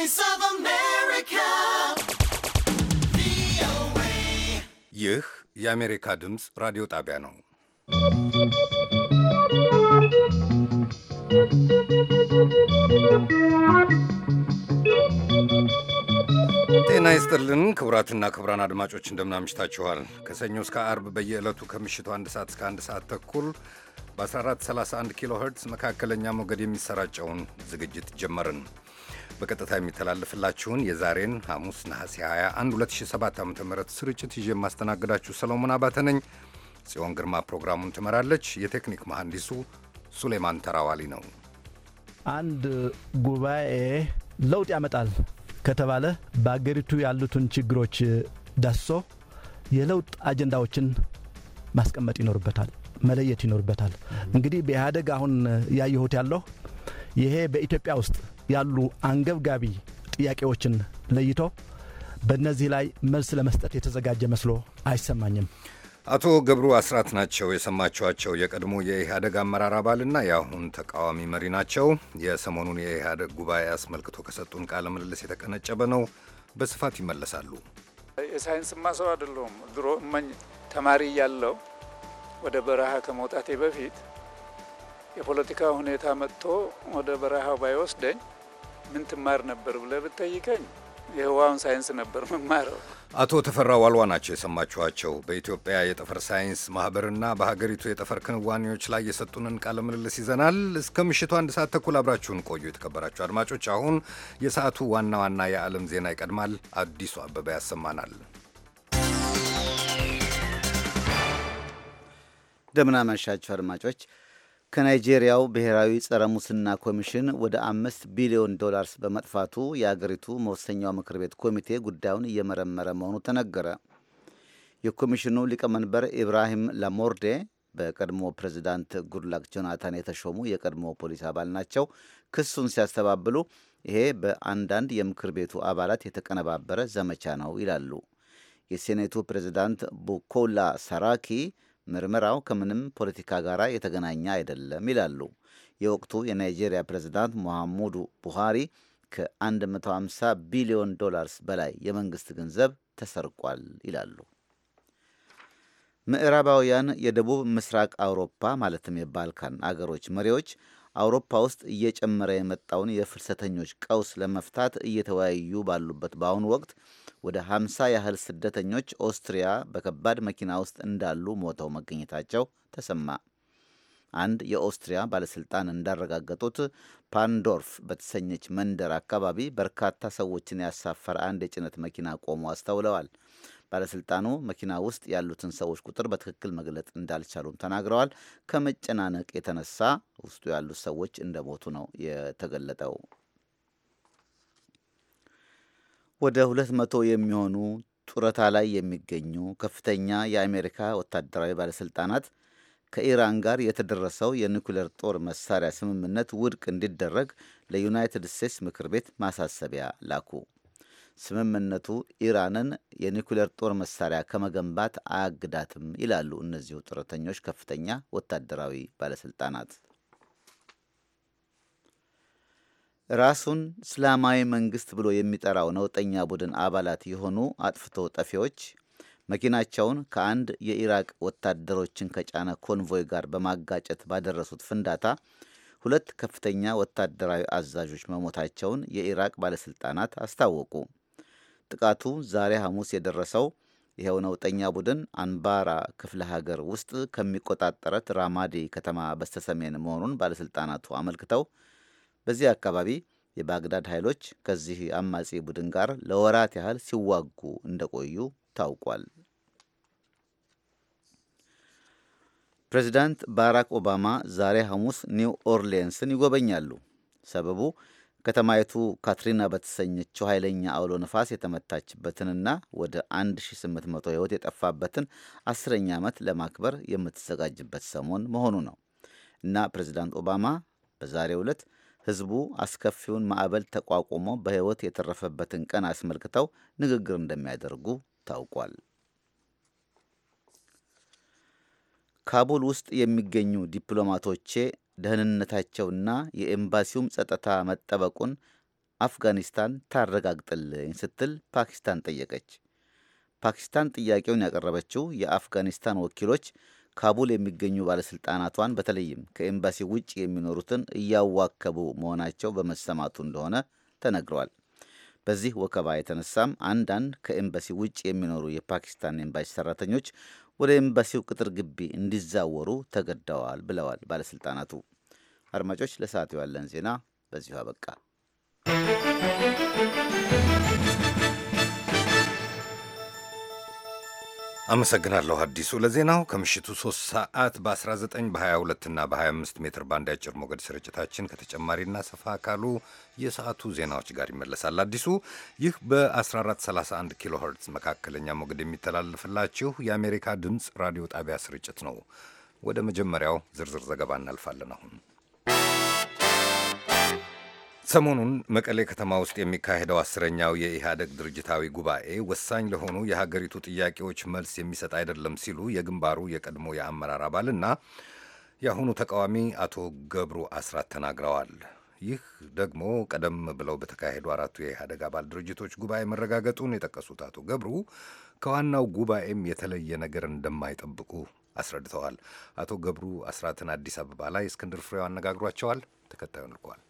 Voice of America. ይህ የአሜሪካ ድምፅ ራዲዮ ጣቢያ ነው። ጤና ይስጥልን ክቡራትና ክቡራን አድማጮች እንደምናምሽታችኋል። ከሰኞ እስከ አርብ በየዕለቱ ከምሽቱ አንድ ሰዓት እስከ አንድ ሰዓት ተኩል በ1431 ኪሎ ኸርትዝ መካከለኛ ሞገድ የሚሰራጨውን ዝግጅት ጀመርን። በቀጥታ የሚተላለፍላችሁን የዛሬን ሐሙስ ነሐሴ 21 2007 ዓ ም ስርጭት ይዤ የማስተናግዳችሁ ሰለሞን አባተ ነኝ። ጽዮን ግርማ ፕሮግራሙን ትመራለች። የቴክኒክ መሐንዲሱ ሱሌማን ተራዋሊ ነው። አንድ ጉባኤ ለውጥ ያመጣል ከተባለ በአገሪቱ ያሉትን ችግሮች ዳስሶ የለውጥ አጀንዳዎችን ማስቀመጥ ይኖርበታል፣ መለየት ይኖርበታል። እንግዲህ በኢህአደግ አሁን ያየሁት ያለው ይሄ በኢትዮጵያ ውስጥ ያሉ አንገብጋቢ ጥያቄዎችን ለይቶ በእነዚህ ላይ መልስ ለመስጠት የተዘጋጀ መስሎ አይሰማኝም። አቶ ገብሩ አስራት ናቸው የሰማችኋቸው። የቀድሞ የኢህአደግ አመራር አባልና የአሁን ተቃዋሚ መሪ ናቸው። የሰሞኑን የኢህአደግ ጉባኤ አስመልክቶ ከሰጡን ቃለ ምልልስ የተቀነጨበ ነው። በስፋት ይመለሳሉ። የሳይንስ ሰው አይደለሁም። ድሮ እመኝ ተማሪ እያለሁ ወደ በረሃ ከመውጣቴ በፊት የፖለቲካ ሁኔታ መጥቶ ወደ በረሃው ባይወስደኝ ምን ትማር ነበር ብለህ ብትጠይቀኝ የህዋውን ሳይንስ ነበር መማረው። አቶ ተፈራ ዋልዋ ናቸው የሰማችኋቸው። በኢትዮጵያ የጠፈር ሳይንስ ማኅበርና በሀገሪቱ የጠፈር ክንዋኔዎች ላይ የሰጡንን ቃለ ምልልስ ይዘናል። እስከ ምሽቱ አንድ ሰዓት ተኩል አብራችሁን ቆዩ። የተከበራችሁ አድማጮች፣ አሁን የሰዓቱ ዋና ዋና የዓለም ዜና ይቀድማል። አዲሱ አበባ ያሰማናል። እንደምናመሻችሁ አድማጮች ከናይጄሪያው ብሔራዊ ጸረ ሙስና ኮሚሽን ወደ አምስት ቢሊዮን ዶላርስ በመጥፋቱ የአገሪቱ መወሰኛው ምክር ቤት ኮሚቴ ጉዳዩን እየመረመረ መሆኑ ተነገረ። የኮሚሽኑ ሊቀመንበር ኢብራሂም ላሞርዴ በቀድሞ ፕሬዚዳንት ጉድላክ ጆናታን የተሾሙ የቀድሞ ፖሊስ አባል ናቸው። ክሱን ሲያስተባብሉ ይሄ በአንዳንድ የምክር ቤቱ አባላት የተቀነባበረ ዘመቻ ነው ይላሉ። የሴኔቱ ፕሬዚዳንት ቡኮላ ሰራኪ ምርመራው ከምንም ፖለቲካ ጋር የተገናኘ አይደለም ይላሉ። የወቅቱ የናይጄሪያ ፕሬዝዳንት ሞሐሙዱ ቡሃሪ ከ150 ቢሊዮን ዶላርስ በላይ የመንግስት ገንዘብ ተሰርቋል ይላሉ። ምዕራባውያን የደቡብ ምስራቅ አውሮፓ ማለትም የባልካን አገሮች መሪዎች አውሮፓ ውስጥ እየጨመረ የመጣውን የፍልሰተኞች ቀውስ ለመፍታት እየተወያዩ ባሉበት በአሁኑ ወቅት ወደ 50 ያህል ስደተኞች ኦስትሪያ በከባድ መኪና ውስጥ እንዳሉ ሞተው መገኘታቸው ተሰማ። አንድ የኦስትሪያ ባለሥልጣን እንዳረጋገጡት ፓንዶርፍ በተሰኘች መንደር አካባቢ በርካታ ሰዎችን ያሳፈረ አንድ የጭነት መኪና ቆሞ አስተውለዋል። ባለሥልጣኑ መኪና ውስጥ ያሉትን ሰዎች ቁጥር በትክክል መግለጥ እንዳልቻሉም ተናግረዋል። ከመጨናነቅ የተነሳ ውስጡ ያሉት ሰዎች እንደሞቱ ነው የተገለጠው። ወደ 200 የሚሆኑ ጡረታ ላይ የሚገኙ ከፍተኛ የአሜሪካ ወታደራዊ ባለሥልጣናት ከኢራን ጋር የተደረሰው የኒኩሌር ጦር መሳሪያ ስምምነት ውድቅ እንዲደረግ ለዩናይትድ ስቴትስ ምክር ቤት ማሳሰቢያ ላኩ። ስምምነቱ ኢራንን የኒኩሌር ጦር መሳሪያ ከመገንባት አያግዳትም ይላሉ እነዚሁ ጡረተኞች ከፍተኛ ወታደራዊ ባለሥልጣናት። ራሱን እስላማዊ መንግስት ብሎ የሚጠራው ነውጠኛ ቡድን አባላት የሆኑ አጥፍቶ ጠፊዎች መኪናቸውን ከአንድ የኢራቅ ወታደሮችን ከጫነ ኮንቮይ ጋር በማጋጨት ባደረሱት ፍንዳታ ሁለት ከፍተኛ ወታደራዊ አዛዦች መሞታቸውን የኢራቅ ባለሥልጣናት አስታወቁ። ጥቃቱ ዛሬ ሐሙስ የደረሰው ይኸው ነውጠኛ ቡድን አንባራ ክፍለ ሀገር ውስጥ ከሚቆጣጠረት ራማዲ ከተማ በስተሰሜን መሆኑን ባለሥልጣናቱ አመልክተው በዚህ አካባቢ የባግዳድ ኃይሎች ከዚህ አማጺ ቡድን ጋር ለወራት ያህል ሲዋጉ እንደቆዩ ታውቋል። ፕሬዚዳንት ባራክ ኦባማ ዛሬ ሐሙስ ኒው ኦርሊንስን ይጎበኛሉ። ሰበቡ ከተማይቱ ካትሪና በተሰኘችው ኃይለኛ አውሎ ነፋስ የተመታችበትንና ወደ 1800 ሕይወት የጠፋበትን አስረኛ ዓመት ለማክበር የምትዘጋጅበት ሰሞን መሆኑ ነው እና ፕሬዚዳንት ኦባማ በዛሬው ዕለት ህዝቡ አስከፊውን ማዕበል ተቋቁሞ በሕይወት የተረፈበትን ቀን አስመልክተው ንግግር እንደሚያደርጉ ታውቋል። ካቡል ውስጥ የሚገኙ ዲፕሎማቶቼ ደህንነታቸውና የኤምባሲውም ጸጥታ መጠበቁን አፍጋኒስታን ታረጋግጥልኝ ስትል ፓኪስታን ጠየቀች። ፓኪስታን ጥያቄውን ያቀረበችው የአፍጋኒስታን ወኪሎች ካቡል የሚገኙ ባለሥልጣናቷን በተለይም ከኤምባሲ ውጭ የሚኖሩትን እያዋከቡ መሆናቸው በመሰማቱ እንደሆነ ተነግረዋል። በዚህ ወከባ የተነሳም አንዳንድ ከኤምባሲ ውጭ የሚኖሩ የፓኪስታን ኤምባሲ ሰራተኞች ወደ ኤምባሲው ቅጥር ግቢ እንዲዛወሩ ተገደዋል ብለዋል ባለሥልጣናቱ። አድማጮች፣ ለሰዓት ያለን ዜና በዚሁ አበቃ። አመሰግናለሁ አዲሱ ለዜናው። ከምሽቱ 3 ሰዓት በ19 በ22 እና በ25 ሜትር ባንድ አጭር ሞገድ ስርጭታችን ከተጨማሪና ሰፋ ካሉ የሰዓቱ ዜናዎች ጋር ይመለሳል። አዲሱ ይህ በ1431 ኪሎ ኸርትዝ መካከለኛ ሞገድ የሚተላልፍላችሁ የአሜሪካ ድምፅ ራዲዮ ጣቢያ ስርጭት ነው። ወደ መጀመሪያው ዝርዝር ዘገባ እናልፋለን አሁን ሰሞኑን መቀሌ ከተማ ውስጥ የሚካሄደው አስረኛው የኢህአደግ ድርጅታዊ ጉባኤ ወሳኝ ለሆኑ የሀገሪቱ ጥያቄዎች መልስ የሚሰጥ አይደለም ሲሉ የግንባሩ የቀድሞ የአመራር አባልና የአሁኑ ተቃዋሚ አቶ ገብሩ አስራት ተናግረዋል። ይህ ደግሞ ቀደም ብለው በተካሄዱ አራቱ የኢህአደግ አባል ድርጅቶች ጉባኤ መረጋገጡን የጠቀሱት አቶ ገብሩ ከዋናው ጉባኤም የተለየ ነገር እንደማይጠብቁ አስረድተዋል። አቶ ገብሩ አስራትን አዲስ አበባ ላይ እስክንድር ፍሬው አነጋግሯቸዋል። ተከታዩን ልኳል።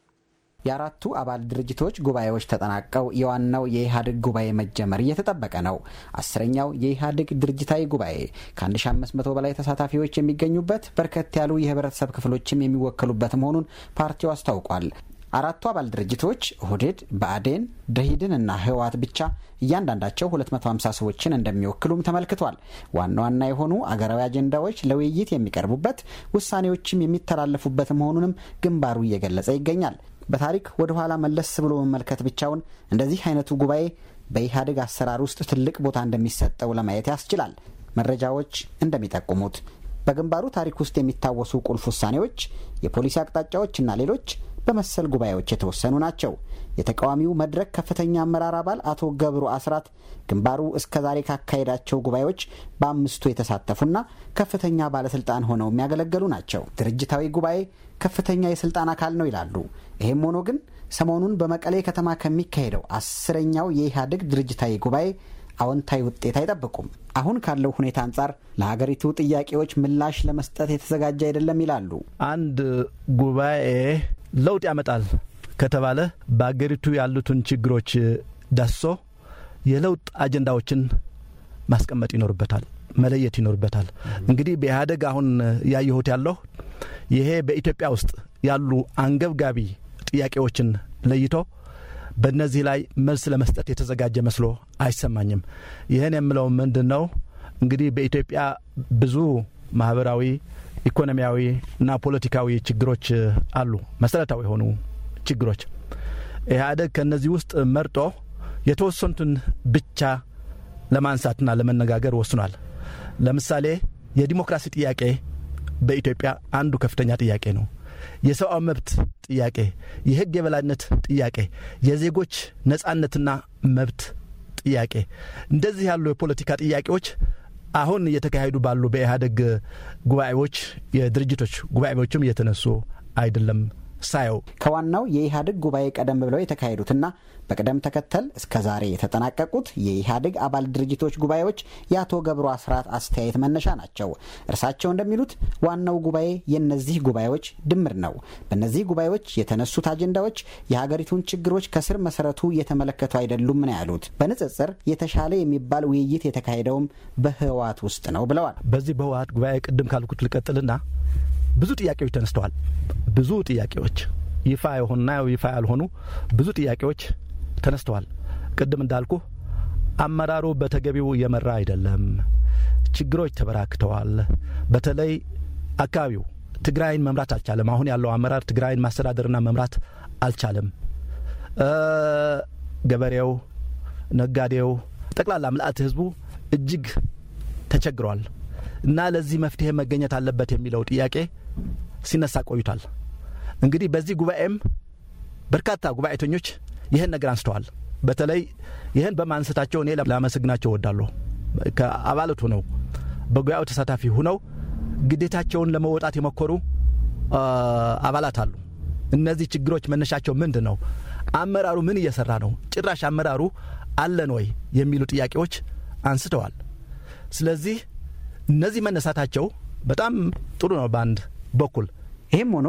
የአራቱ አባል ድርጅቶች ጉባኤዎች ተጠናቀው የዋናው የኢህአዴግ ጉባኤ መጀመር እየተጠበቀ ነው። አስረኛው የኢህአዴግ ድርጅታዊ ጉባኤ ከ1500 በላይ ተሳታፊዎች የሚገኙበት በርከት ያሉ የህብረተሰብ ክፍሎችም የሚወከሉበት መሆኑን ፓርቲው አስታውቋል። አራቱ አባል ድርጅቶች ኦህዴድ፣ ብአዴን፣ ደሂድን እና ህወሓት ብቻ እያንዳንዳቸው 250 ሰዎችን እንደሚወክሉም ተመልክቷል። ዋና ዋና የሆኑ አገራዊ አጀንዳዎች ለውይይት የሚቀርቡበት ውሳኔዎችም የሚተላለፉበት መሆኑንም ግንባሩ እየገለጸ ይገኛል። በታሪክ ወደ ኋላ መለስ ብሎ መመልከት ብቻውን እንደዚህ አይነቱ ጉባኤ በኢህአዴግ አሰራር ውስጥ ትልቅ ቦታ እንደሚሰጠው ለማየት ያስችላል። መረጃዎች እንደሚጠቁሙት በግንባሩ ታሪክ ውስጥ የሚታወሱ ቁልፍ ውሳኔዎች፣ የፖሊሲ አቅጣጫዎችና ሌሎች በመሰል ጉባኤዎች የተወሰኑ ናቸው። የተቃዋሚው መድረክ ከፍተኛ አመራር አባል አቶ ገብሩ አስራት ግንባሩ እስከ ዛሬ ካካሄዳቸው ጉባኤዎች በአምስቱ የተሳተፉና ከፍተኛ ባለስልጣን ሆነው የሚያገለገሉ ናቸው። ድርጅታዊ ጉባኤ ከፍተኛ የስልጣን አካል ነው ይላሉ። ይህም ሆኖ ግን ሰሞኑን በመቀሌ ከተማ ከሚካሄደው አስረኛው የኢህአዴግ ድርጅታዊ ጉባኤ አዎንታዊ ውጤት አይጠብቁም። አሁን ካለው ሁኔታ አንጻር ለሀገሪቱ ጥያቄዎች ምላሽ ለመስጠት የተዘጋጀ አይደለም ይላሉ። አንድ ጉባኤ ለውጥ ያመጣል ከተባለ በሀገሪቱ ያሉትን ችግሮች ደሶ የለውጥ አጀንዳዎችን ማስቀመጥ ይኖርበታል፣ መለየት ይኖርበታል። እንግዲህ በኢህአዴግ አሁን ያየሁት ያለው ይሄ በኢትዮጵያ ውስጥ ያሉ አንገብጋቢ ጥያቄዎችን ለይቶ በእነዚህ ላይ መልስ ለመስጠት የተዘጋጀ መስሎ አይሰማኝም። ይህን የምለው ምንድን ነው እንግዲህ በኢትዮጵያ ብዙ ማህበራዊ፣ ኢኮኖሚያዊ እና ፖለቲካዊ ችግሮች አሉ፣ መሰረታዊ የሆኑ ችግሮች። ኢህአዴግ ከእነዚህ ውስጥ መርጦ የተወሰኑትን ብቻ ለማንሳትና ለመነጋገር ወስኗል። ለምሳሌ የዲሞክራሲ ጥያቄ በኢትዮጵያ አንዱ ከፍተኛ ጥያቄ ነው። የሰብአዊ መብት ጥያቄ፣ የህግ የበላይነት ጥያቄ፣ የዜጎች ነጻነትና መብት ጥያቄ እንደዚህ ያሉ የፖለቲካ ጥያቄዎች አሁን እየተካሄዱ ባሉ በኢህአደግ ጉባኤዎች፣ የድርጅቶች ጉባኤዎችም እየተነሱ አይደለም ሳየው ከዋናው የኢህአዴግ ጉባኤ ቀደም ብለው የተካሄዱትና በቅደም ተከተል እስከ ዛሬ የተጠናቀቁት የኢህአዴግ አባል ድርጅቶች ጉባኤዎች የአቶ ገብሩ አስራት አስተያየት መነሻ ናቸው። እርሳቸው እንደሚሉት ዋናው ጉባኤ የእነዚህ ጉባኤዎች ድምር ነው። በእነዚህ ጉባኤዎች የተነሱት አጀንዳዎች የሀገሪቱን ችግሮች ከስር መሰረቱ የተመለከቱ አይደሉም ነው ያሉት። በንጽጽር የተሻለ የሚባል ውይይት የተካሄደውም በህወሓት ውስጥ ነው ብለዋል። በዚህ በህወሓት ጉባኤ ቅድም ካልኩት ልቀጥልና ብዙ ጥያቄዎች ተነስተዋል። ብዙ ጥያቄዎች ይፋ የሆኑና ይፋ ያልሆኑ ብዙ ጥያቄዎች ተነስተዋል። ቅድም እንዳልኩ አመራሩ በተገቢው እየመራ አይደለም። ችግሮች ተበራክተዋል። በተለይ አካባቢው ትግራይን መምራት አልቻለም። አሁን ያለው አመራር ትግራይን ማስተዳደርና መምራት አልቻለም። ገበሬው፣ ነጋዴው፣ ጠቅላላ ምልአት ህዝቡ እጅግ ተቸግሯል እና ለዚህ መፍትሄ መገኘት አለበት የሚለው ጥያቄ ሲነሳ ቆይቷል። እንግዲህ በዚህ ጉባኤም በርካታ ጉባኤተኞች ይህን ነገር አንስተዋል። በተለይ ይህን በማንስታቸው እኔ ላመሰግናቸው እወዳለሁ። ከአባላት ሆነው በጉባኤው ተሳታፊ ሁነው ግዴታቸውን ለመወጣት የሞከሩ አባላት አሉ። እነዚህ ችግሮች መነሻቸው ምንድን ነው? አመራሩ ምን እየሰራ ነው? ጭራሽ አመራሩ አለን ወይ የሚሉ ጥያቄዎች አንስተዋል። ስለዚህ እነዚህ መነሳታቸው በጣም ጥሩ ነው በአንድ በኩል። ይህም ሆኖ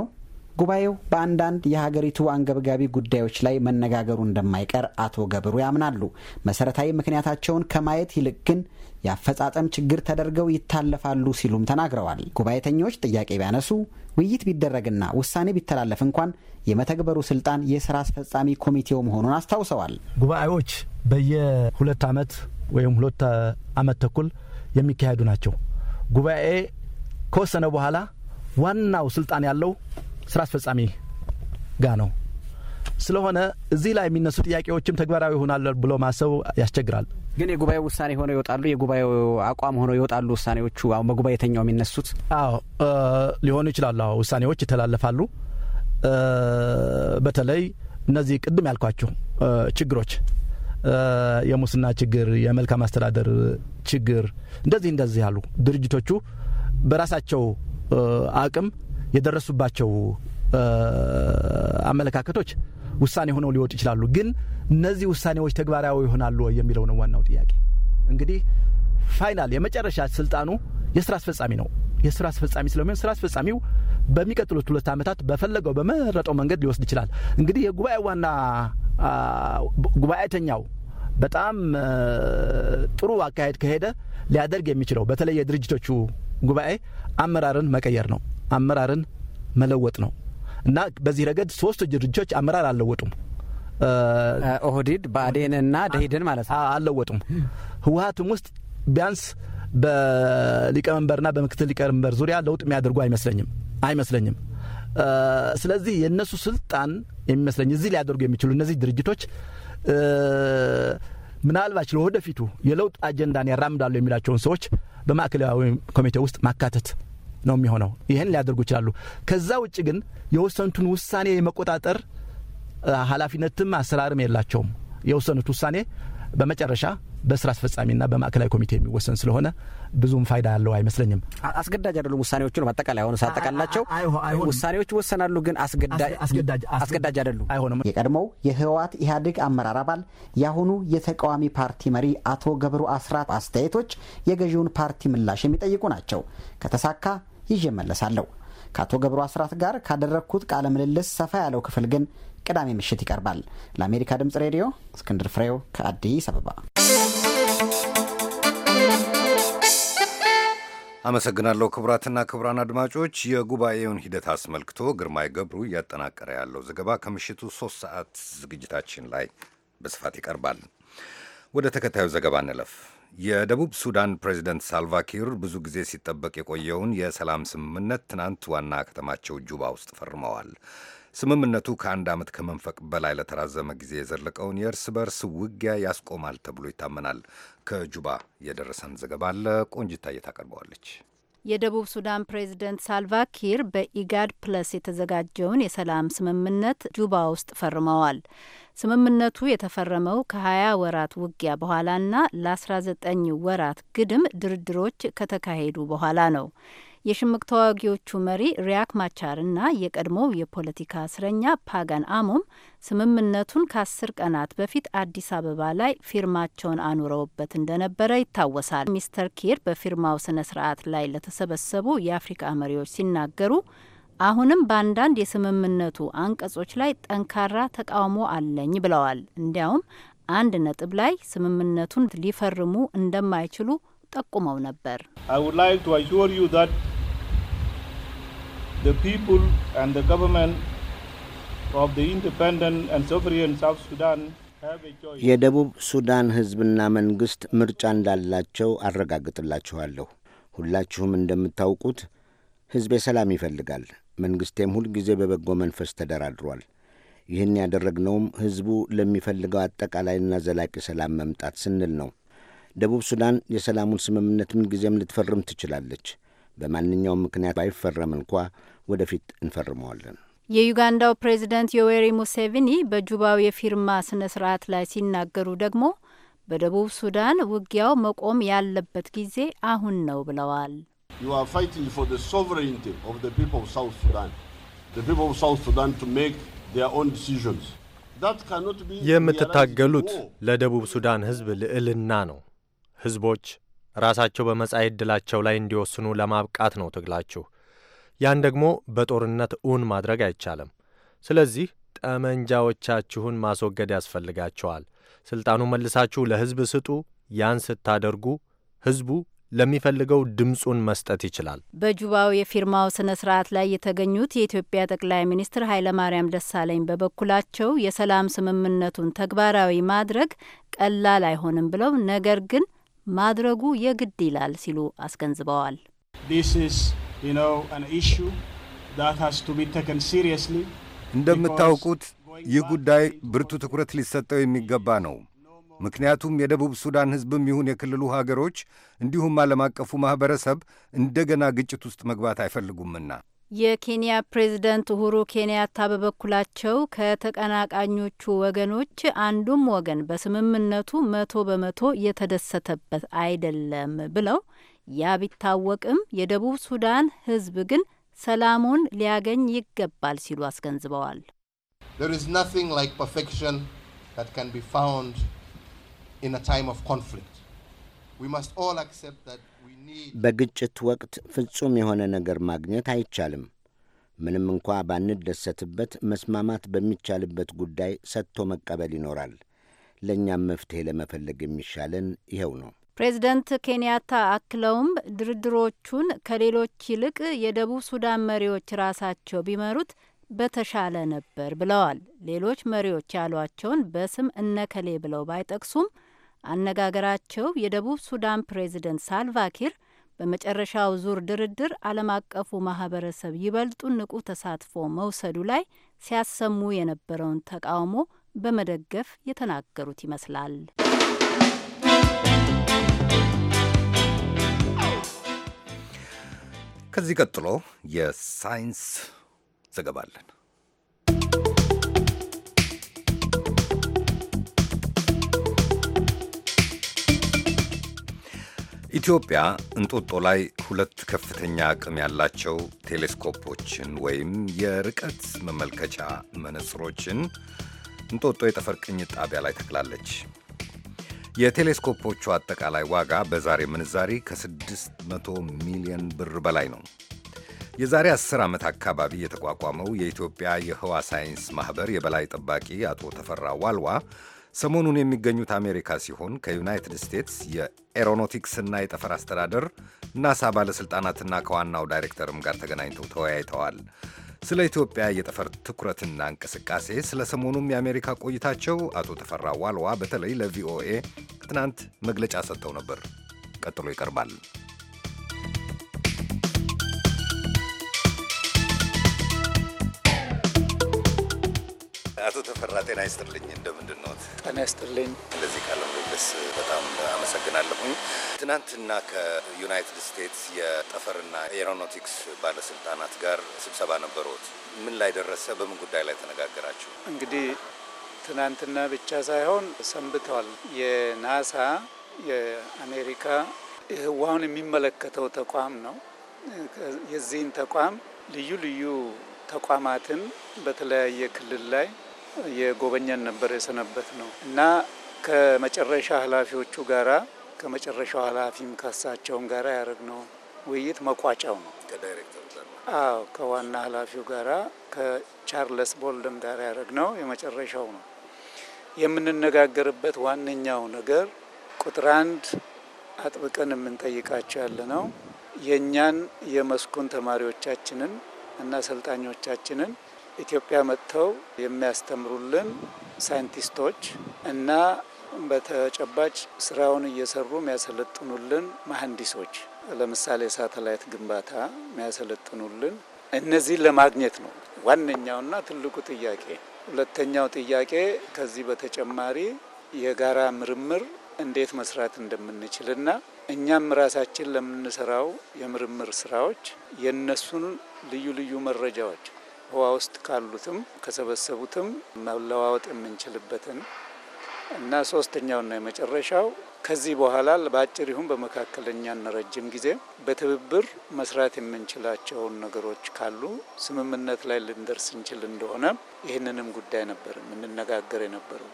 ጉባኤው በአንዳንድ የሀገሪቱ አንገብጋቢ ጉዳዮች ላይ መነጋገሩ እንደማይቀር አቶ ገብሩ ያምናሉ። መሰረታዊ ምክንያታቸውን ከማየት ይልቅ ግን የአፈጻጸም ችግር ተደርገው ይታለፋሉ ሲሉም ተናግረዋል። ጉባኤተኞች ጥያቄ ቢያነሱ ውይይት ቢደረግና ውሳኔ ቢተላለፍ እንኳን የመተግበሩ ስልጣን የስራ አስፈጻሚ ኮሚቴው መሆኑን አስታውሰዋል። ጉባኤዎች በየሁለት ዓመት ወይም ሁለት ዓመት ተኩል የሚካሄዱ ናቸው። ጉባኤ ከወሰነ በኋላ ዋናው ስልጣን ያለው ስራ አስፈጻሚ ጋ ነው። ስለሆነ እዚህ ላይ የሚነሱ ጥያቄዎችም ተግባራዊ ይሆናል ብሎ ማሰብ ያስቸግራል። ግን የጉባኤው ውሳኔ ሆነው ይወጣሉ። የጉባኤው አቋም ሆነው ይወጣሉ ውሳኔዎቹ። አሁን በጉባኤተኛው የሚነሱት አዎ ሊሆኑ ይችላሉ። ውሳኔዎች ይተላለፋሉ። በተለይ እነዚህ ቅድም ያልኳችሁ ችግሮች የሙስና ችግር፣ የመልካም አስተዳደር ችግር እንደዚህ እንደዚህ ያሉ ድርጅቶቹ በራሳቸው አቅም የደረሱባቸው አመለካከቶች ውሳኔ ሆነው ሊወጡ ይችላሉ። ግን እነዚህ ውሳኔዎች ተግባራዊ ይሆናሉ የሚለው ነው ዋናው ጥያቄ። እንግዲህ ፋይናል የመጨረሻ ስልጣኑ የስራ አስፈጻሚ ነው። የስራ አስፈጻሚ ስለሚሆን ስራ አስፈጻሚው በሚቀጥሉት ሁለት ዓመታት በፈለገው በመረጠው መንገድ ሊወስድ ይችላል። እንግዲህ የጉባኤ ዋና ጉባኤተኛው በጣም ጥሩ አካሄድ ከሄደ ሊያደርግ የሚችለው በተለይ የድርጅቶቹ ጉባኤ አመራርን መቀየር ነው፣ አመራርን መለወጥ ነው እና በዚህ ረገድ ሶስት ድርጅቶች አመራር አልለወጡም። ኦህዲድ፣ ብአዴን እና ደኢህዴን ማለት ነው። አልለወጡም። ህወሀትም ውስጥ ቢያንስ በሊቀመንበርና በምክትል ሊቀመንበር ዙሪያ ለውጥ የሚያደርጉ አይመስለኝም አይመስለኝም። ስለዚህ የእነሱ ስልጣን የሚመስለኝ እዚህ ሊያደርጉ የሚችሉ እነዚህ ድርጅቶች ምናልባት ለወደፊቱ የለውጥ አጀንዳን ያራምዳሉ የሚላቸውን ሰዎች በማዕከላዊ ኮሚቴ ውስጥ ማካተት ነው የሚሆነው። ይህን ሊያደርጉ ይችላሉ። ከዛ ውጭ ግን የወሰኑትን ውሳኔ የመቆጣጠር ኃላፊነትም አሰራርም የላቸውም። የወሰኑት ውሳኔ በመጨረሻ በስራ አስፈጻሚና በማዕከላዊ ኮሚቴ የሚወሰን ስለሆነ ብዙም ፋይዳ ያለው አይመስለኝም። አስገዳጅ አይደሉም ውሳኔዎቹ ነው። አጠቃላይ አሁን ሳጠቃላቸው ውሳኔዎች ይወሰናሉ፣ ግን አስገዳጅ አይደሉም፣ አይሆንም። የቀድሞው የህወሓት ኢህአዴግ አመራር አባል የአሁኑ የተቃዋሚ ፓርቲ መሪ አቶ ገብሩ አስራት አስተያየቶች የገዢውን ፓርቲ ምላሽ የሚጠይቁ ናቸው። ከተሳካ ይዤ እመለሳለሁ። ከአቶ ገብሩ አስራት ጋር ካደረግኩት ቃለ ምልልስ ሰፋ ያለው ክፍል ግን ቅዳሜ ምሽት ይቀርባል። ለአሜሪካ ድምፅ ሬዲዮ እስክንድር ፍሬው ከአዲስ አበባ አመሰግናለሁ። ክቡራትና ክቡራን አድማጮች የጉባኤውን ሂደት አስመልክቶ ግርማይ ገብሩ እያጠናቀረ ያለው ዘገባ ከምሽቱ ሶስት ሰዓት ዝግጅታችን ላይ በስፋት ይቀርባል። ወደ ተከታዩ ዘገባ እንለፍ። የደቡብ ሱዳን ፕሬዚደንት ሳልቫኪር ብዙ ጊዜ ሲጠበቅ የቆየውን የሰላም ስምምነት ትናንት ዋና ከተማቸው ጁባ ውስጥ ፈርመዋል። ስምምነቱ ከአንድ ዓመት ከመንፈቅ በላይ ለተራዘመ ጊዜ የዘለቀውን የእርስ በርስ ውጊያ ያስቆማል ተብሎ ይታመናል። ከጁባ የደረሰን ዘገባ አለ። ቆንጅታዬ ታቀርበዋለች። የደቡብ ሱዳን ፕሬዝደንት ሳልቫኪር በኢጋድ ፕለስ የተዘጋጀውን የሰላም ስምምነት ጁባ ውስጥ ፈርመዋል። ስምምነቱ የተፈረመው ከ20 ወራት ውጊያ በኋላና ለ19 ወራት ግድም ድርድሮች ከተካሄዱ በኋላ ነው። የሽምቅ ተዋጊዎቹ መሪ ሪያክ ማቻር እና የቀድሞው የፖለቲካ እስረኛ ፓጋን አሞም ስምምነቱን ከአስር ቀናት በፊት አዲስ አበባ ላይ ፊርማቸውን አኑረውበት እንደነበረ ይታወሳል። ሚስተር ኪር በፊርማው ስነ ስርዓት ላይ ለተሰበሰቡ የአፍሪካ መሪዎች ሲናገሩ አሁንም በአንዳንድ የስምምነቱ አንቀጾች ላይ ጠንካራ ተቃውሞ አለኝ ብለዋል። እንዲያውም አንድ ነጥብ ላይ ስምምነቱን ሊፈርሙ እንደማይችሉ ጠቁመው ነበር። የደቡብ ሱዳን ሕዝብና መንግሥት ምርጫ እንዳላቸው አረጋግጥላችኋለሁ። ሁላችሁም እንደምታውቁት ሕዝቤ ሰላም ይፈልጋል። መንግሥቴም ሁልጊዜ በበጎ መንፈስ ተደራድሯል። ይህን ያደረግነውም ሕዝቡ ለሚፈልገው አጠቃላይና ዘላቂ ሰላም መምጣት ስንል ነው። ደቡብ ሱዳን የሰላሙን ስምምነት ምንጊዜም ልትፈርም ትችላለች። በማንኛውም ምክንያት ባይፈረም እንኳ ወደፊት እንፈርመዋለን። የዩጋንዳው ፕሬዚደንት ዮዌሪ ሙሴቪኒ በጁባው የፊርማ ስነ ስርዓት ላይ ሲናገሩ ደግሞ በደቡብ ሱዳን ውጊያው መቆም ያለበት ጊዜ አሁን ነው ብለዋል። የምትታገሉት ለደቡብ ሱዳን ሕዝብ ልዕልና ነው። ሕዝቦች ራሳቸው በመጻኢ ዕድላቸው ላይ እንዲወስኑ ለማብቃት ነው ትግላችሁ። ያን ደግሞ በጦርነት እውን ማድረግ አይቻልም። ስለዚህ ጠመንጃዎቻችሁን ማስወገድ ያስፈልጋቸዋል። ሥልጣኑ መልሳችሁ ለሕዝብ ስጡ። ያን ስታደርጉ ሕዝቡ ለሚፈልገው ድምፁን መስጠት ይችላል። በጁባው የፊርማው ስነ ስርዓት ላይ የተገኙት የኢትዮጵያ ጠቅላይ ሚኒስትር ኃይለ ማርያም ደሳለኝ በበኩላቸው የሰላም ስምምነቱን ተግባራዊ ማድረግ ቀላል አይሆንም ብለው ነገር ግን ማድረጉ የግድ ይላል ሲሉ አስገንዝበዋል። እንደምታውቁት ይህ ጉዳይ ብርቱ ትኩረት ሊሰጠው የሚገባ ነው። ምክንያቱም የደቡብ ሱዳን ሕዝብም ይሁን የክልሉ ሀገሮች እንዲሁም ዓለም አቀፉ ማኅበረሰብ እንደገና ግጭት ውስጥ መግባት አይፈልጉምና የኬንያ ፕሬዝደንት ኡሁሩ ኬንያታ በበኩላቸው ከተቀናቃኞቹ ወገኖች አንዱም ወገን በስምምነቱ መቶ በመቶ የተደሰተበት አይደለም ብለው ያ ቢታወቅም የደቡብ ሱዳን ሕዝብ ግን ሰላሙን ሊያገኝ ይገባል ሲሉ አስገንዝበዋል። በግጭት ወቅት ፍጹም የሆነ ነገር ማግኘት አይቻልም። ምንም እንኳ ባንደሰትበት፣ መስማማት በሚቻልበት ጉዳይ ሰጥቶ መቀበል ይኖራል። ለእኛም መፍትሄ ለመፈለግ የሚሻለን ይኸው ነው። ፕሬዚደንት ኬንያታ አክለውም ድርድሮቹን ከሌሎች ይልቅ የደቡብ ሱዳን መሪዎች ራሳቸው ቢመሩት በተሻለ ነበር ብለዋል። ሌሎች መሪዎች ያሏቸውን በስም እነከሌ ብለው ባይጠቅሱም አነጋገራቸው የደቡብ ሱዳን ፕሬዚደንት ሳልቫኪር በመጨረሻው ዙር ድርድር ዓለም አቀፉ ማህበረሰብ ይበልጡን ንቁ ተሳትፎ መውሰዱ ላይ ሲያሰሙ የነበረውን ተቃውሞ በመደገፍ የተናገሩት ይመስላል። ከዚህ ቀጥሎ የሳይንስ ዘገባ ኢትዮጵያ እንጦጦ ላይ ሁለት ከፍተኛ አቅም ያላቸው ቴሌስኮፖችን ወይም የርቀት መመልከቻ መነጽሮችን እንጦጦ የጠፈር ቅኝት ጣቢያ ላይ ተክላለች። የቴሌስኮፖቹ አጠቃላይ ዋጋ በዛሬ ምንዛሪ ከ600 ሚሊዮን ብር በላይ ነው። የዛሬ 10 ዓመት አካባቢ የተቋቋመው የኢትዮጵያ የህዋ ሳይንስ ማኅበር የበላይ ጠባቂ አቶ ተፈራ ዋልዋ ሰሞኑን የሚገኙት አሜሪካ ሲሆን ከዩናይትድ ስቴትስ የኤሮኖቲክስና የጠፈር አስተዳደር ናሳ ባለሥልጣናትና ከዋናው ዳይሬክተርም ጋር ተገናኝተው ተወያይተዋል። ስለ ኢትዮጵያ የጠፈር ትኩረትና እንቅስቃሴ፣ ስለ ሰሞኑም የአሜሪካ ቆይታቸው አቶ ተፈራ ዋልዋ በተለይ ለቪኦኤ ትናንት መግለጫ ሰጥተው ነበር። ቀጥሎ ይቀርባል። አቶ ተፈራ ጤና ይስጥልኝ። እንደምንድን ጤና ይስጥልኝ። እንደዚህ ቃለ ምልልስ በጣም አመሰግናለሁኝ። ትናንትና ከዩናይትድ ስቴትስ የጠፈርና ኤሮኖቲክስ ባለስልጣናት ጋር ስብሰባ ነበሮት። ምን ላይ ደረሰ? በምን ጉዳይ ላይ ተነጋገራችሁ? እንግዲህ ትናንትና ብቻ ሳይሆን ሰንብተዋል። የናሳ የአሜሪካ ህዋውን የሚመለከተው ተቋም ነው። የዚህን ተቋም ልዩ ልዩ ተቋማትን በተለያየ ክልል ላይ የጎበኘን ነበር የሰነበት ነው እና ከመጨረሻ ኃላፊዎቹ ጋራ ከመጨረሻው ኃላፊም ከሳቸውም ጋራ ያደረግነው ውይይት መቋጫው ነው። አዎ ከዋና ኃላፊው ጋራ ከቻርለስ ቦልደም ጋር ያደረግነው የመጨረሻው ነው። የምንነጋገርበት ዋነኛው ነገር ቁጥር አንድ አጥብቀን የምንጠይቃቸው ያለ ነው የእኛን የመስኩን ተማሪዎቻችንን እና አሰልጣኞቻችንን ኢትዮጵያ መጥተው የሚያስተምሩልን ሳይንቲስቶች እና በተጨባጭ ስራውን እየሰሩ የሚያሰለጥኑልን መሀንዲሶች ለምሳሌ ሳተላይት ግንባታ የሚያሰለጥኑልን እነዚህን ለማግኘት ነው ዋነኛውና ትልቁ ጥያቄ። ሁለተኛው ጥያቄ ከዚህ በተጨማሪ የጋራ ምርምር እንዴት መስራት እንደምንችልና እኛም ራሳችን ለምንሰራው የምርምር ስራዎች የእነሱን ልዩ ልዩ መረጃዎች ህዋ ውስጥ ካሉትም ከሰበሰቡትም መለዋወጥ የምንችልበትን እና ሶስተኛውና የመጨረሻው ከዚህ በኋላ በአጭር ይሁን በመካከለኛና ረጅም ጊዜ በትብብር መስራት የምንችላቸውን ነገሮች ካሉ ስምምነት ላይ ልንደርስ እንችል እንደሆነ ይህንንም ጉዳይ ነበር የምንነጋገር የነበረው።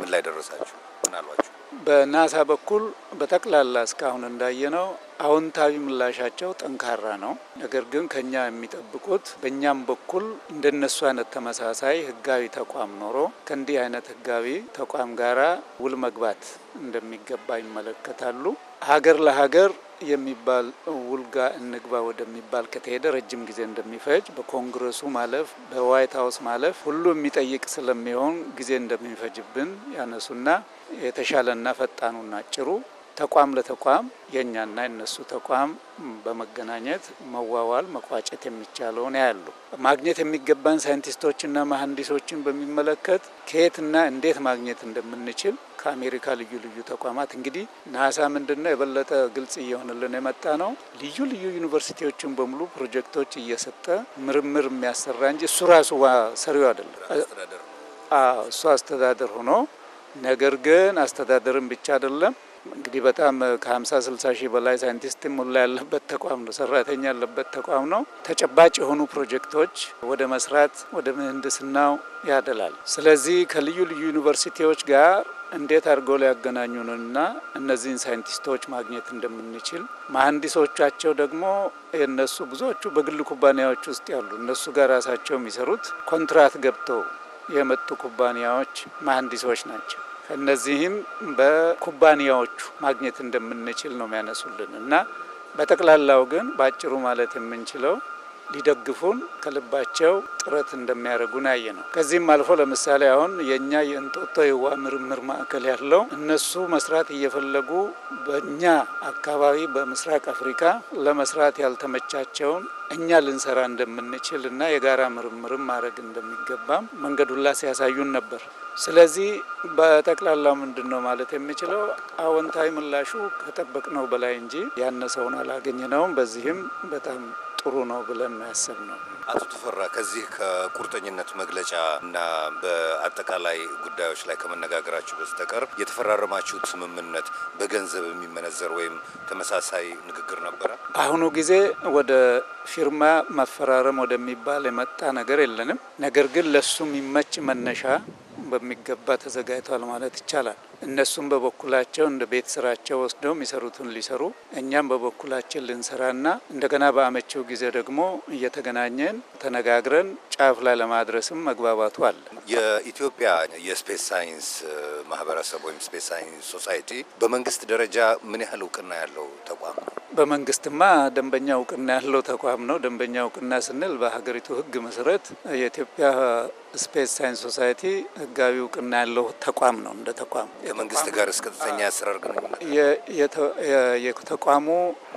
ምን ላይ ደረሳችሁ? ምን አሏችሁ? በናሳ በኩል በጠቅላላ እስካሁን እንዳየነው አዎንታዊ ምላሻቸው ጠንካራ ነው። ነገር ግን ከኛ የሚጠብቁት በእኛም በኩል እንደነሱ አይነት ተመሳሳይ ህጋዊ ተቋም ኖሮ ከእንዲህ አይነት ህጋዊ ተቋም ጋራ ውል መግባት እንደሚገባ ይመለከታሉ። ሀገር ለሀገር የሚባል ውልጋ እንግባ ወደሚባል ከተሄደ ረጅም ጊዜ እንደሚፈጅ በኮንግረሱ ማለፍ በዋይት ሀውስ ማለፍ ሁሉ የሚጠይቅ ስለሚሆን ጊዜ እንደሚፈጅብን ያነሱና የተሻለና ፈጣኑና ጭሩ ተቋም ለተቋም የእኛና የነሱ ተቋም በመገናኘት መዋዋል መቋጨት የሚቻለውን ያሉ ማግኘት የሚገባን ሳይንቲስቶችና መሀንዲሶችን በሚመለከት ከየትና እንዴት ማግኘት እንደምንችል ከአሜሪካ ልዩ ልዩ ተቋማት እንግዲህ ናሳ ምንድነው የበለጠ ግልጽ እየሆነልን የመጣ ነው። ልዩ ልዩ ዩኒቨርሲቲዎችን በሙሉ ፕሮጀክቶች እየሰጠ ምርምር የሚያሰራ እንጂ እሱ ራሱ ሰሪው አይደለም። እሱ አስተዳደር ሆኖ ነገር ግን አስተዳደርም ብቻ አይደለም እንግዲህ በጣም ከሀምሳ ስልሳ ሺህ በላይ ሳይንቲስት ሙላ ያለበት ተቋም ነው፣ ሰራተኛ ያለበት ተቋም ነው። ተጨባጭ የሆኑ ፕሮጀክቶች ወደ መስራት ወደ ምህንድስናው ያደላል። ስለዚህ ከልዩ ልዩ ዩኒቨርሲቲዎች ጋር እንዴት አድርጎ ሊያገናኙንና እነዚህን ሳይንቲስቶች ማግኘት እንደምንችል መሀንዲሶቻቸው ደግሞ የነሱ ብዙዎቹ በግል ኩባንያዎች ውስጥ ያሉ እነሱ ጋር ራሳቸው የሚሰሩት ኮንትራት ገብተው የመጡ ኩባንያዎች መሀንዲሶች ናቸው። እነዚህም በኩባንያዎቹ ማግኘት እንደምንችል ነው የሚያነሱልን እና በጠቅላላው ግን በአጭሩ ማለት የምንችለው ሊደግፉን ከልባቸው ጥረት እንደሚያደርጉን ያየ ነው። ከዚህም አልፎ ለምሳሌ አሁን የእኛ የእንጦጦ የውሃ ምርምር ማዕከል ያለው እነሱ መስራት እየፈለጉ በእኛ አካባቢ በምስራቅ አፍሪካ ለመስራት ያልተመቻቸውን እኛ ልንሰራ እንደምንችል እና የጋራ ምርምርም ማድረግ እንደሚገባም መንገዱላ ሲያሳዩን ነበር። ስለዚህ በጠቅላላ ምንድን ነው ማለት የሚችለው አዎንታዊ ምላሹ ከጠበቅነው በላይ እንጂ ያነሰውን ነውም በዚህም በጣም ጥሩ ነው ብለን ማያሰብ ነው። አቶ ተፈራ ከዚህ ከቁርጠኝነት መግለጫ እና በአጠቃላይ ጉዳዮች ላይ ከመነጋገራችሁ በስተቀር የተፈራረማችሁት ስምምነት በገንዘብ የሚመነዘር ወይም ተመሳሳይ ንግግር ነበረ? አሁኑ ጊዜ ወደ ፊርማ መፈራረም ወደሚባል የመጣ ነገር የለንም። ነገር ግን ለሱ የሚመች መነሻ በሚገባ ተዘጋጅቷል ማለት ይቻላል። እነሱም በበኩላቸው እንደ ቤት ስራቸው ወስደው የሚሰሩትን ሊሰሩ፣ እኛም በበኩላችን ልንሰራና እንደገና በአመቺው ጊዜ ደግሞ እየተገናኘን ተነጋግረን ጫፍ ላይ ለማድረስም መግባባቱ አለ። የኢትዮጵያ የስፔስ ሳይንስ ማህበረሰብ ወይም ስፔስ ሳይንስ ሶሳይቲ በመንግስት ደረጃ ምን ያህል እውቅና ያለው ተቋም ነው? በመንግስትማ ደንበኛ እውቅና ያለው ተቋም ነው። ደንበኛ እውቅና ስንል በሀገሪቱ ህግ መሰረት የኢትዮጵያ ስፔስ ሳይንስ ሶሳይቲ ህጋዊ እውቅና ያለው ተቋም ነው። እንደ ተቋም ከመንግስት ጋር እስከተኛ ያሰራር ግንኙነት የተቋሙ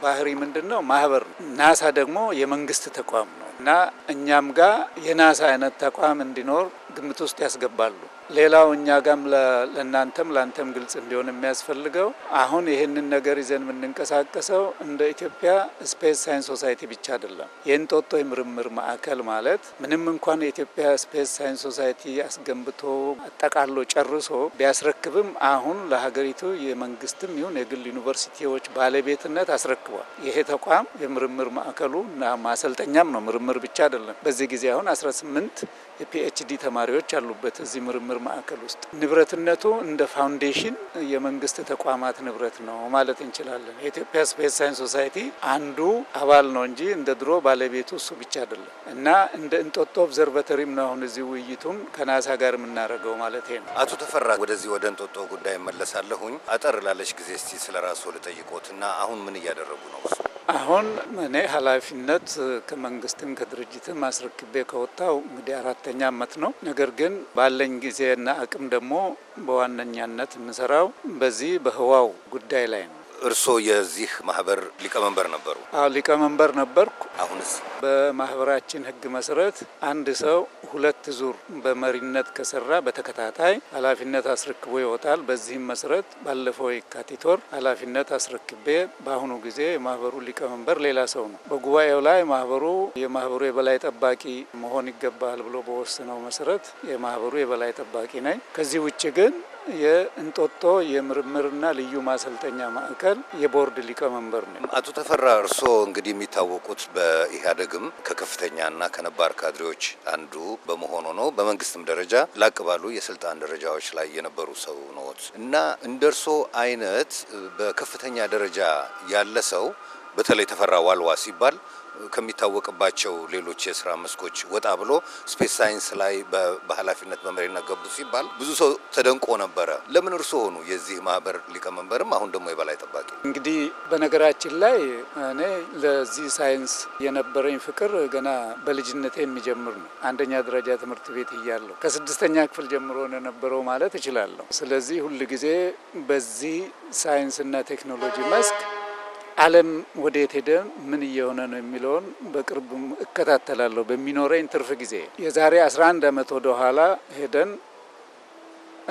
ባህሪ ምንድን ነው? ማህበር ነው። ናሳ ደግሞ የመንግስት ተቋም ነው እና እኛም ጋር የናሳ አይነት ተቋም እንዲኖር ግምት ውስጥ ያስገባሉ። ሌላው እኛ ጋም ለእናንተም ለአንተም ግልጽ እንዲሆን የሚያስፈልገው አሁን ይህንን ነገር ይዘን የምንንቀሳቀሰው እንደ ኢትዮጵያ ስፔስ ሳይንስ ሶሳይቲ ብቻ አይደለም። የእንጦጦ የምርምር ማዕከል ማለት ምንም እንኳን የኢትዮጵያ ስፔስ ሳይንስ ሶሳይቲ አስገንብቶ አጠቃሎ ጨርሶ ቢያስረክብም አሁን ለሀገሪቱ የመንግስትም ይሁን የግል ዩኒቨርሲቲዎች ባለቤትነት አስረክቧል። ይሄ ተቋም የምርምር ማዕከሉ እና ማሰልጠኛም ነው። ምርምር ብቻ አይደለም። በዚህ ጊዜ አሁን 18 የፒኤችዲ ተማሪዎች ያሉበት እዚህ ምርምር ማዕከል ውስጥ ንብረትነቱ እንደ ፋውንዴሽን የመንግስት ተቋማት ንብረት ነው ማለት እንችላለን። የኢትዮጵያ ስፔስ ሳይንስ ሶሳይቲ አንዱ አባል ነው እንጂ እንደ ድሮ ባለቤቱ እሱ ብቻ አይደለም እና እንደ እንጦጦ ኦብዘርቫተሪም ነው አሁን እዚህ ውይይቱም ከናሳ ጋር የምናደርገው ማለት ነው። አቶ ተፈራ ወደዚህ ወደ እንጦጦ ጉዳይ መለሳለሁኝ። አጠር ላለች ጊዜ እስቲ ስለ ራሱ ልጠይቆት እና አሁን ምን እያደረጉ ነው? አሁን እኔ ኃላፊነት ከመንግስትም ከድርጅትም አስረክቤ ከወጣው እንግዲህ አራተኛ አመት ነው። ነገር ግን ባለኝ ጊዜና አቅም ደግሞ በዋነኛነት የምሰራው በዚህ በህዋው ጉዳይ ላይ ነው። እርስዎ የዚህ ማህበር ሊቀመንበር ነበሩ? አዎ ሊቀመንበር ነበርኩ። አሁንስ? በማህበራችን ህግ መሰረት አንድ ሰው ሁለት ዙር በመሪነት ከሰራ በተከታታይ ኃላፊነት አስረክቦ ይወጣል። በዚህም መሰረት ባለፈው የካቲት ወር ኃላፊነት አስረክቤ በአሁኑ ጊዜ የማህበሩ ሊቀመንበር ሌላ ሰው ነው። በጉባኤው ላይ ማህበሩ የማህበሩ የበላይ ጠባቂ መሆን ይገባል ብሎ በወሰነው መሰረት የማህበሩ የበላይ ጠባቂ ነኝ። ከዚህ ውጭ ግን የእንጦጦ የምርምርና ልዩ ማሰልጠኛ ማዕከል የቦርድ ሊቀመንበር ነው። አቶ ተፈራ እርስዎ እንግዲህ የሚታወቁት በኢህአዴግም ከከፍተኛና ከነባር ካድሬዎች አንዱ በመሆኑ ነው። በመንግስትም ደረጃ ላቅ ባሉ የስልጣን ደረጃዎች ላይ የነበሩ ሰው ነዎት እና እንደ እርስዎ አይነት በከፍተኛ ደረጃ ያለ ሰው በተለይ ተፈራ ዋልዋ ሲባል ከሚታወቅባቸው ሌሎች የስራ መስኮች ወጣ ብሎ ስፔስ ሳይንስ ላይ በኃላፊነት መመሪነት ገቡ ሲባል ብዙ ሰው ተደንቆ ነበረ። ለምን እርስ ሆኑ የዚህ ማህበር ሊቀመንበርም አሁን ደግሞ የበላይ ጠባቂ? እንግዲህ በነገራችን ላይ እኔ ለዚህ ሳይንስ የነበረኝ ፍቅር ገና በልጅነቴ የሚጀምር ነው። አንደኛ ደረጃ ትምህርት ቤት እያለሁ ከስድስተኛ ክፍል ጀምሮ የነበረው ማለት እችላለሁ። ስለዚህ ሁል ጊዜ በዚህ ሳይንስና ቴክኖሎጂ መስክ ዓለም ወዴት ሄደ፣ ምን እየሆነ ነው የሚለውን በቅርብ እከታተላለሁ በሚኖረኝ ትርፍ ጊዜ። የዛሬ 11 ዓመት ወደ ኋላ ሄደን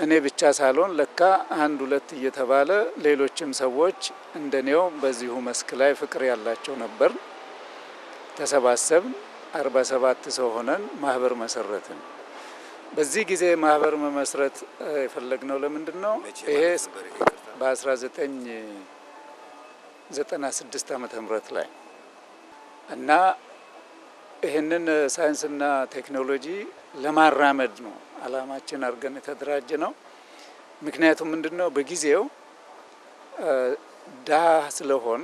እኔ ብቻ ሳልሆን ለካ አንድ ሁለት እየተባለ ሌሎችም ሰዎች እንደኔው በዚሁ መስክ ላይ ፍቅር ያላቸው ነበር። ተሰባሰብን፣ 47 ሰው ሆነን ማህበር መሰረትን። በዚህ ጊዜ ማህበር መመስረት የፈለግነው ለምንድን ነው? ይሄ በ19 96 ዓመተ ምህረት ላይ እና ይህንን ሳይንስና ቴክኖሎጂ ለማራመድ ነው አላማችን አድርገን የተደራጀ ነው። ምክንያቱም ምንድን ነው በጊዜው ዳ ስለሆን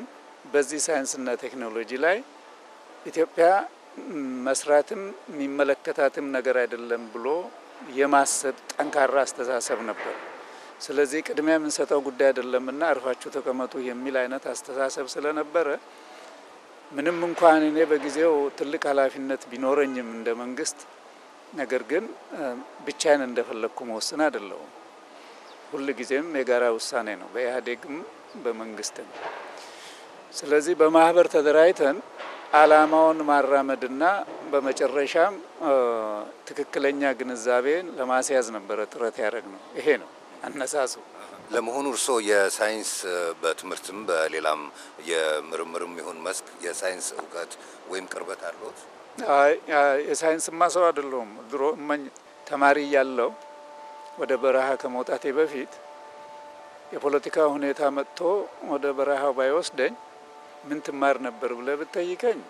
በዚህ ሳይንስና ቴክኖሎጂ ላይ ኢትዮጵያ መስራትም የሚመለከታትም ነገር አይደለም ብሎ የማሰብ ጠንካራ አስተሳሰብ ነበር። ስለዚህ ቅድሚያ የምንሰጠው ጉዳይ አይደለምና እርፋችሁ ተቀመጡ የሚል አይነት አስተሳሰብ ስለነበረ ምንም እንኳን እኔ በጊዜው ትልቅ ኃላፊነት ቢኖረኝም እንደ መንግስት፣ ነገር ግን ብቻዬን እንደፈለግኩ መወስን አይደለሁም። ሁል ጊዜም የጋራ ውሳኔ ነው፣ በኢህአዴግም በመንግስትም። ስለዚህ በማህበር ተደራጅተን አላማውን ማራመድና በመጨረሻም ትክክለኛ ግንዛቤን ለማስያዝ ነበረ ጥረት ያደረግ ነው። ይሄ ነው። አነሳሱ። ለመሆኑ እርስዎ የሳይንስ በትምህርትም በሌላም የምርምርም ይሁን መስክ የሳይንስ እውቀት ወይም ቅርበት አለዎት? የሳይንስ ማሰው አይደለሁም። ድሮ እመኝ ተማሪ እያለሁ ወደ በረሃ ከመውጣቴ በፊት የፖለቲካ ሁኔታ መጥቶ ወደ በረሃው ባይወስደኝ ምን ትማር ነበር ብለህ ብትጠይቀኝ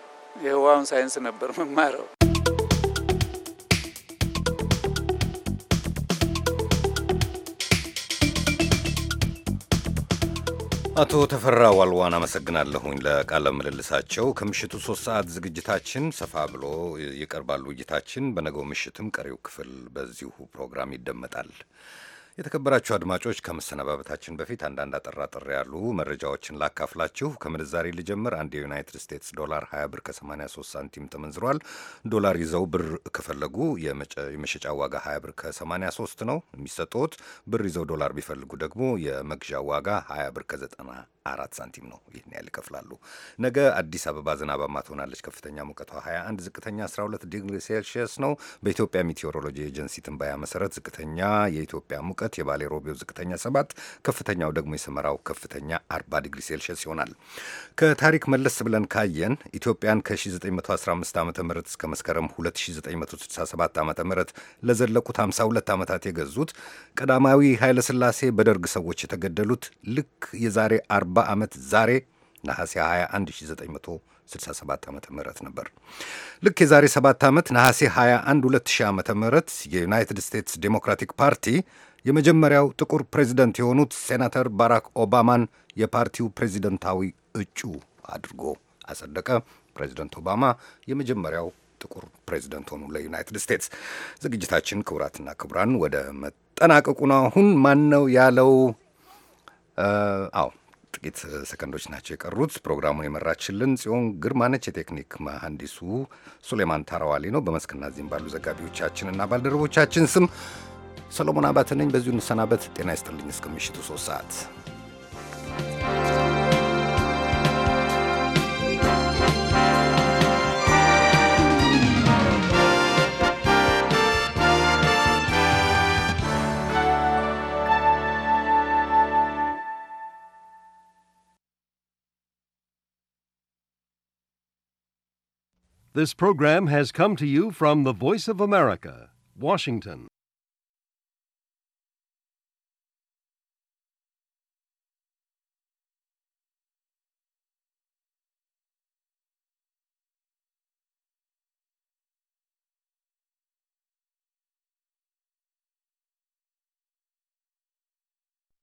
የህዋውን ሳይንስ ነበር መማረው። አቶ ተፈራ ዋልዋን አመሰግናለሁኝ ለቃለ ምልልሳቸው። ከምሽቱ ሶስት ሰዓት ዝግጅታችን ሰፋ ብሎ ይቀርባል ውይይታችን። በነገው ምሽትም ቀሪው ክፍል በዚሁ ፕሮግራም ይደመጣል። የተከበራችሁ አድማጮች ከመሰነባበታችን በፊት አንዳንድ አጠራጠር ያሉ መረጃዎችን ላካፍላችሁ። ከምንዛሬ ልጀምር። አንድ የዩናይትድ ስቴትስ ዶላር 20 ብር ከ83 ሳንቲም ተመንዝሯል። ዶላር ይዘው ብር ከፈለጉ የመሸጫ ዋጋ 20 ብር ከ83 ነው የሚሰጡት። ብር ይዘው ዶላር ቢፈልጉ ደግሞ የመግዣ ዋጋ 20 ብር ከ94 ሳንቲም ነው። ይህን ያህል ይከፍላሉ። ነገ አዲስ አበባ ዝናባማ ትሆናለች። ከፍተኛ ሙቀቷ 21፣ ዝቅተኛ 12 ዲግሪ ሴልሺየስ ነው። በኢትዮጵያ ሜቴዎሮሎጂ ኤጀንሲ ትንባያ መሰረት ዝቅተኛ የኢትዮጵያ ሙቀት ሙቀት የባሌሮቤው ዝቅተኛ 7 ከፍተኛው ደግሞ የሰመራው ከፍተኛ 40 ዲግሪ ሴልሽስ ይሆናል። ከታሪክ መለስ ብለን ካየን ኢትዮጵያን ከ1915 ዓ ም እስከ መስከረም 2967 ዓ ም ለዘለቁት 52 ዓመታት የገዙት ቀዳማዊ ኃይለሥላሴ በደርግ ሰዎች የተገደሉት ልክ የዛሬ 40 ዓመት ዛሬ ነሐሴ 21 1967 ዓ ም ነበር። ልክ የዛሬ 7 ዓመት ነሐሴ 21 2000 ዓ ም የዩናይትድ ስቴትስ ዴሞክራቲክ ፓርቲ የመጀመሪያው ጥቁር ፕሬዚደንት የሆኑት ሴናተር ባራክ ኦባማን የፓርቲው ፕሬዚደንታዊ እጩ አድርጎ አጸደቀ። ፕሬዚደንት ኦባማ የመጀመሪያው ጥቁር ፕሬዚደንት ሆኑ ለዩናይትድ ስቴትስ። ዝግጅታችን ክቡራትና ክቡራን ወደ መጠናቀቁ ነው። አሁን ማን ነው ያለው? አዎ ጥቂት ሰከንዶች ናቸው የቀሩት። ፕሮግራሙን የመራችልን ጽዮን ግርማነች፣ የቴክኒክ መሐንዲሱ ሱሌማን ታራዋሊ ነው። በመስክና ዚህም ባሉ ዘጋቢዎቻችንና ባልደረቦቻችን ስም ሰሎሞን አባተ ነኝ። በዚሁ እንሰናበት። ጤና ይስጥልኝ። እስከ ምሽቱ ሶስት ሰዓት This program has come to you from the Voice of America, Washington.